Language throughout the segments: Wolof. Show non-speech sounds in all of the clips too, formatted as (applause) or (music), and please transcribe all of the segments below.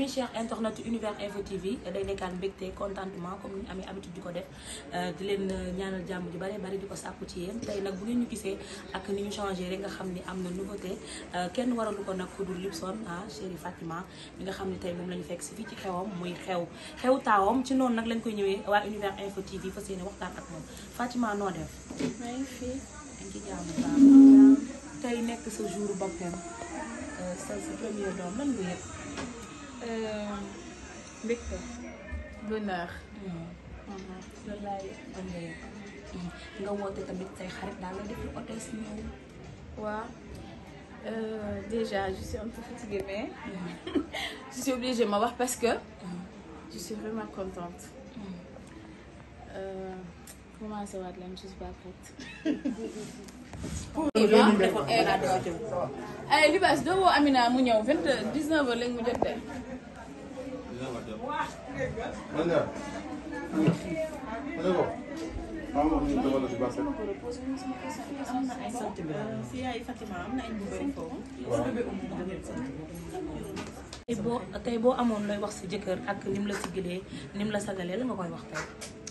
ami cher internet univers info TV day nekkaan te contentement comme ni ñu amee habitude di ko def euh, di leen euh, ñaanal jàmm ju bare bari di ko sàkku ci yéen tey nag bu ngeen ñu gisee ak ni ñu changé nga xam ni am na nouveauté euh, kenn waralu ko nag ku dul Lipson ah chéri Fatima nga xam ne tey moom la fekk si fii ci xewam muy xew xew taawam ci noonu nag lañ koy ñëwee waa univers info TV fas yéene waxtaan ak moom Fatima noo def. maa ngi nekk sa jour boppam sa sa premier doom lan nga Euh, mbégte bonheur loolu laay andee nga woote tamit say xarit daal la def lu otes ñëw waaw euh, déjà je suis un peu mais mm-hmm. (laughs) je suis obligée ma wax parce que mm-hmm. je suis vraiment contente commencé waat leen je suis pas prête (laughs) ay eh, libaas doo woo Amina mu ñëw vingt heures dix neuf heures léegi mu jot boo amoon lay wax si jëkkër ak nim la siggalee nim la sagalee la nga koy wax tey.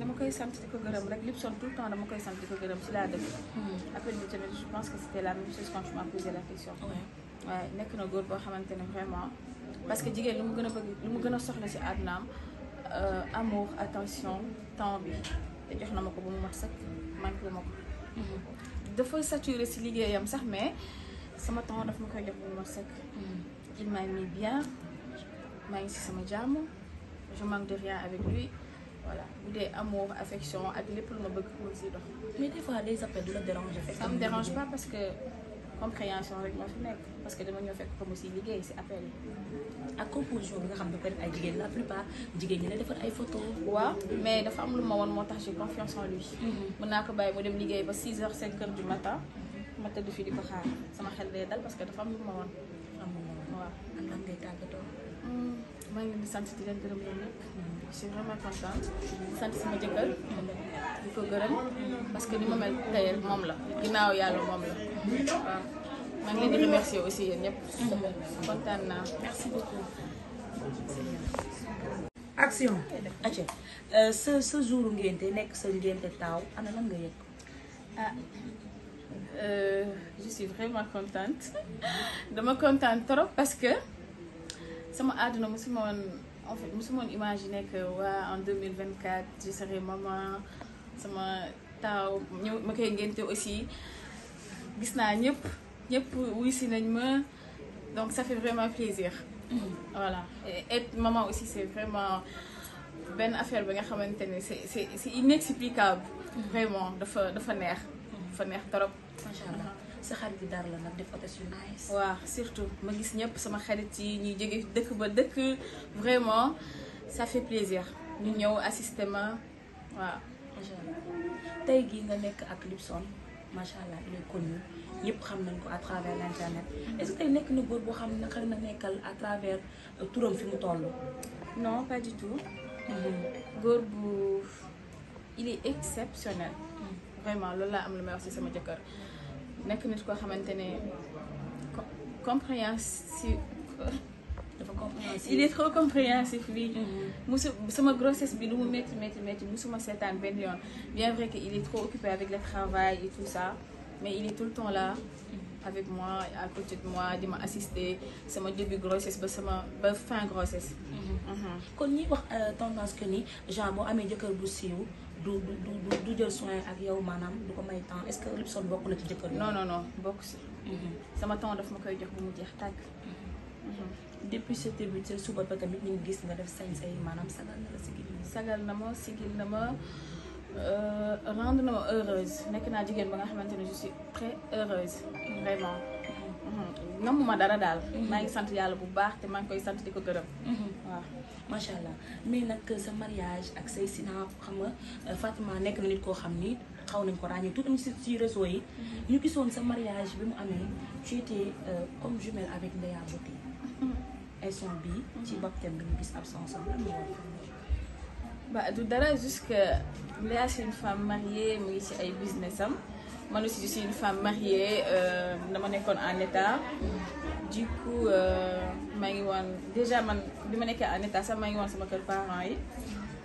dama koy sant di ko gërëm rek Lipson tout le temps dama koy sant ko gërëm si laa dëkk. Hmm. appel bi tamit je pense que c' la même chose quand nekk na góor boo xamante ne vraiment. parce que jigéen lu mu gën a bëgg lu mu gën a soxla si àddunaam euh, amour attention temps bi te na ma ko ba mu mat sëkk manqué ma hmm. dafa saturé si liggéeyam sax mais sama temps daf ma koy jox ba mu mat sëkk. Hmm. il m'a mis bien maa ngi si sama jàmm je manque de rien avec lui. voilà bu dee amour affection ak lépp lu ma bëgg pour si dox. mais des fois des appels du la déranger. ça me dérange pas parce que compréhension rek moo fi nekk parce que dama ñëw fekk comme si liggéey si appel yi. ak composition bi nga xam ne peut ay jigéen la plupart jigéen ñi la defar ay photos. waaw mais dafa am lu ma won moo tax j'ai confiance en lui. Mhm. mën naa ko bàyyi mu dem liggéey ba 6 heures 5 heures du matin ma tëdd fii di ko xaar sama xel day sant di leen gërëm mhm. ko gërëm mhm. parce que ni ma mel ginnaaw yàlla moom la mhm. ñëpp kontaan naa sa sa euh, jour ngénte nekk sa ngénte taaw ana lan nga yëg ah euh, je suis vraiment contente dama contente trop parce que sama àdduna musuma woon en fait musuma woon imaginer que waa en 2024 je serai maman sama taaw ñëw ma koy ngénte aussi gis naa ñëpp ñëpp wuy si nañ ma donc ça fait vraiment plaisir mm-hmm. voilà et maman aussi c'est vraiment benn affaire bi nga xamante ne c'est c'est c'est mm-hmm. vraiment dafa dafa neex mm-hmm. dafa neex trop macha sa xarit yi dara la nag def hôtesse yu nice surtout ma gis ñëpp sama xarit yi ñuy jóge dëkk ba dëkk vraiment ça fait plaisir ñu ñëw assisté ma tey gii nga nekk ak Lipson macha allah il est connu ñëpp xam nañ ko à travers l' internet est ce tey nekk na góor boo xam ne xëy na nekkal à travers euh, turam fi mu toll non pas du tout mm-hmm. góor bu il est exceptionnel mm-hmm. vraiment loolu laa am lu may wax ci sama jëkkër nekk nit koo xamante ne compréhensif dafa compréhensif il est trop compréhensif lii mm-hmm. musu sama grossesse bi lu mu métti métti métti musuma seetaan benn yoon bien vrai que il est trop occupé avec le travail et tout ça mais il est tout le temps là mm-hmm. avec moi à côté de moi di ma assister sama début grossesse ba sama ba fin grossesse. Mhm. Mhm. kon ñuy wax euh, tendance que ni genre boo amee jëkkër bu siiw du du du jël soin ak yow maanaam du ko may temps est-ce que Lipson bokk na ci jëkkër. non non bokk mhm. sama temps daf ma koy jox bu mu jeex tàkk. depuis ce début suba ba tamit ñu ngi gis nga def sañ-sañ maanaam sagal na la sigil. sagal na ma sigil na ma. Euh, rendre na ma heureuse nekk naa jigéen ba nga xamante ne je suis très heureuse vraiment mhm. namu ma dara daal mhm. maa ngi sant yàlla bu baax te maa ngi koy sant di ko gërëm mhm. waaw macha allah mais nag sa mariage ak say sina xam nga euh, Fatima nekk na nit koo xam ni xaw nañ ko ràññee tout si si réseau yi ñu gisoon sa mariage bi mu amee tu euh, comme jumelle avec Ndeya Beauté instant bi ci baptême bi ñu gis absence am ba du dara juste que Léa c'est une femme mariée mu ngi ci ay business am man aussi je suis une femme mariée euh, dama nekkoon en état coup euh, maa ngi woon déjà man bi ma nekkee en état sax maa ngi woon sama kër parents yi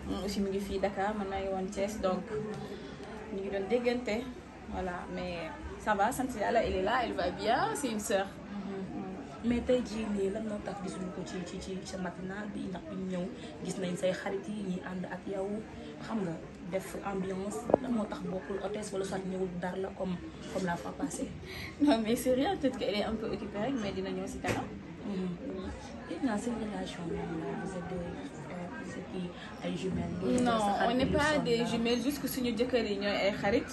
moom aussi ngi fii Dakar man maa ngi woon Thiès donc ñu ngi doon déggante voilà mais ça va sant yàlla elle est là elle bien c'est une sœur. mais tey jii nii lan moo tax gisuñu ko ci ci ci sa matinal bi ndax bi ñu ñëw gis nañ say xarit yi ñuy ànd ak yow xam nga def ambiance lan moo tax bokkul hôtesse wala soit ñëwul dara la comme comme la fois passée. (laughs) non mais c'est rien peut-être qu'elle est un peu occupée si mm-hmm. relation moom la vous ay jumelles. non on n'est pas des jumelles juste que suñu jëkkër yi ñooy ay xarit.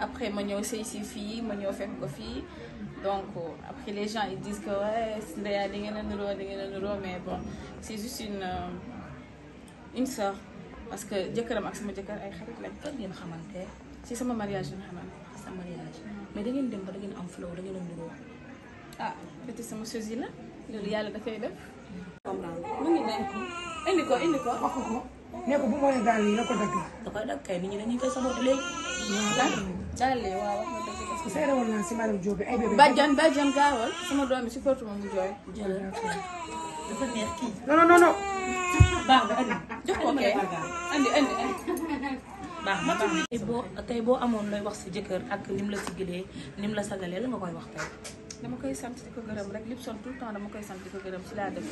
après ma ñëw sëy si fii ma ñëw fekk ko fii donc après les gens ils disent que ouais Ndeya li ngeen a nuroo li ngeen a nuroo mais bon c' est juste une euh, une soeur parce que jëkkëram ak sama jëkkër ay xarit lañ. fan ngeen ci sama mariage lañ mais da ngeen da ngeen am flow da ngeen a nuroo. ah peut la loolu yàlla da def. mu ngi denc indi ko indi ko. wax ko bu ma leen daal lii la ko dagg. da koy dagg kay nit ñi dañuy koy saboté léegi. daal de waaw wax nga dëgg la. parce que seere woon naa si madame Diop ay bébé. bi si kóortu ma mu jooy. jërëjëf dafa neex kii. non non non. baax na andi. jox ko kay andi andi andi. baax na baax na. tey boo tey boo amoon looy wax si jëkkër ak nim la siggilee nim la sagalee la nga koy wax tey. dama koy sant di ko gërëm rek Lipson tout le temps dama koy sant ko gërëm ci laa def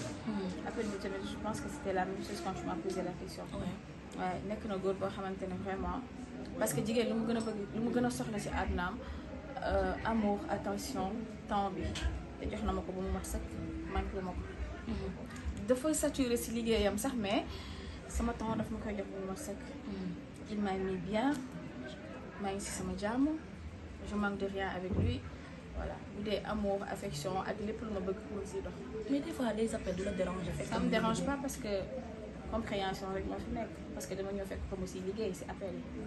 appel bi tamit je pense que c'était la même chose quand tu m'as na góor boo xamante ne vraiment. parce que jigéen lu mu gën a bëgg lu mu gën a soxla ci àddunaam euh, amour attention temps bi te jox na ma ko ba mu mat sëkk manqué ma ko mm-hmm. dafa saturé ci liggéeyam sax mais sama temps daf ma koy jox ba mu mat mm-hmm. il m'a mis bien maa ngi ci sama jàmm je manque de rien avec lui voilà bu dee amour affection ak lépp lu ma bëgg mu ci dox mais des fois les appels du la déranger ça me dérange pas parce que compréhension rek moo fi nekk parce que dama ñëw fekk ko mu si liggéey si appel yi.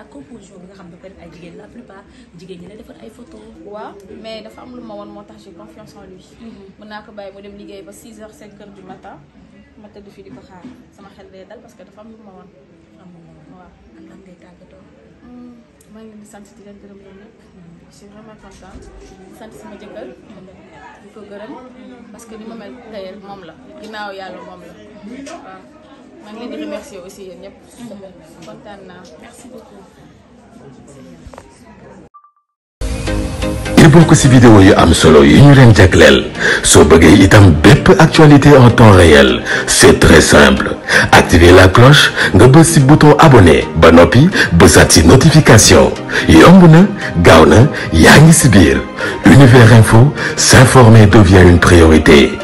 ak composition bi nga xam ne dafa ay jigéen la plupart jigéen ñi la defal ay photo waaw mais dafa am lu ma woon moo tax j'ai confiance en lui. Mm-hmm. mën naa ko bàyyi mu dem liggéey ba 6 heures 5 heures du matin ma tëdd fii di ko xaar sama xel day dal parce que dafa am lu ma woon. am na waaw ak lan ngay tàggatoo. Mm, maa ngi leen di sant di leen gërëm ñoom je suis vraiment contente sant di ko gërëm parce que ni ma mel tey moom la ginnaaw yàlla moom la waaw maa ngi leen di remercier aussi yéen ñëpp kontaan naa merci beaucoup bokk ci vidéo yu am solo yu ñu leen jagleel soo bëggee itam bépp actualité en temps réel c'est très simple activer la cloche nga bës ci bouton abonné ba noppi bësaat ci notification yomb na gaaw na yaa ngi ci Univers Info s'informer devient une priorité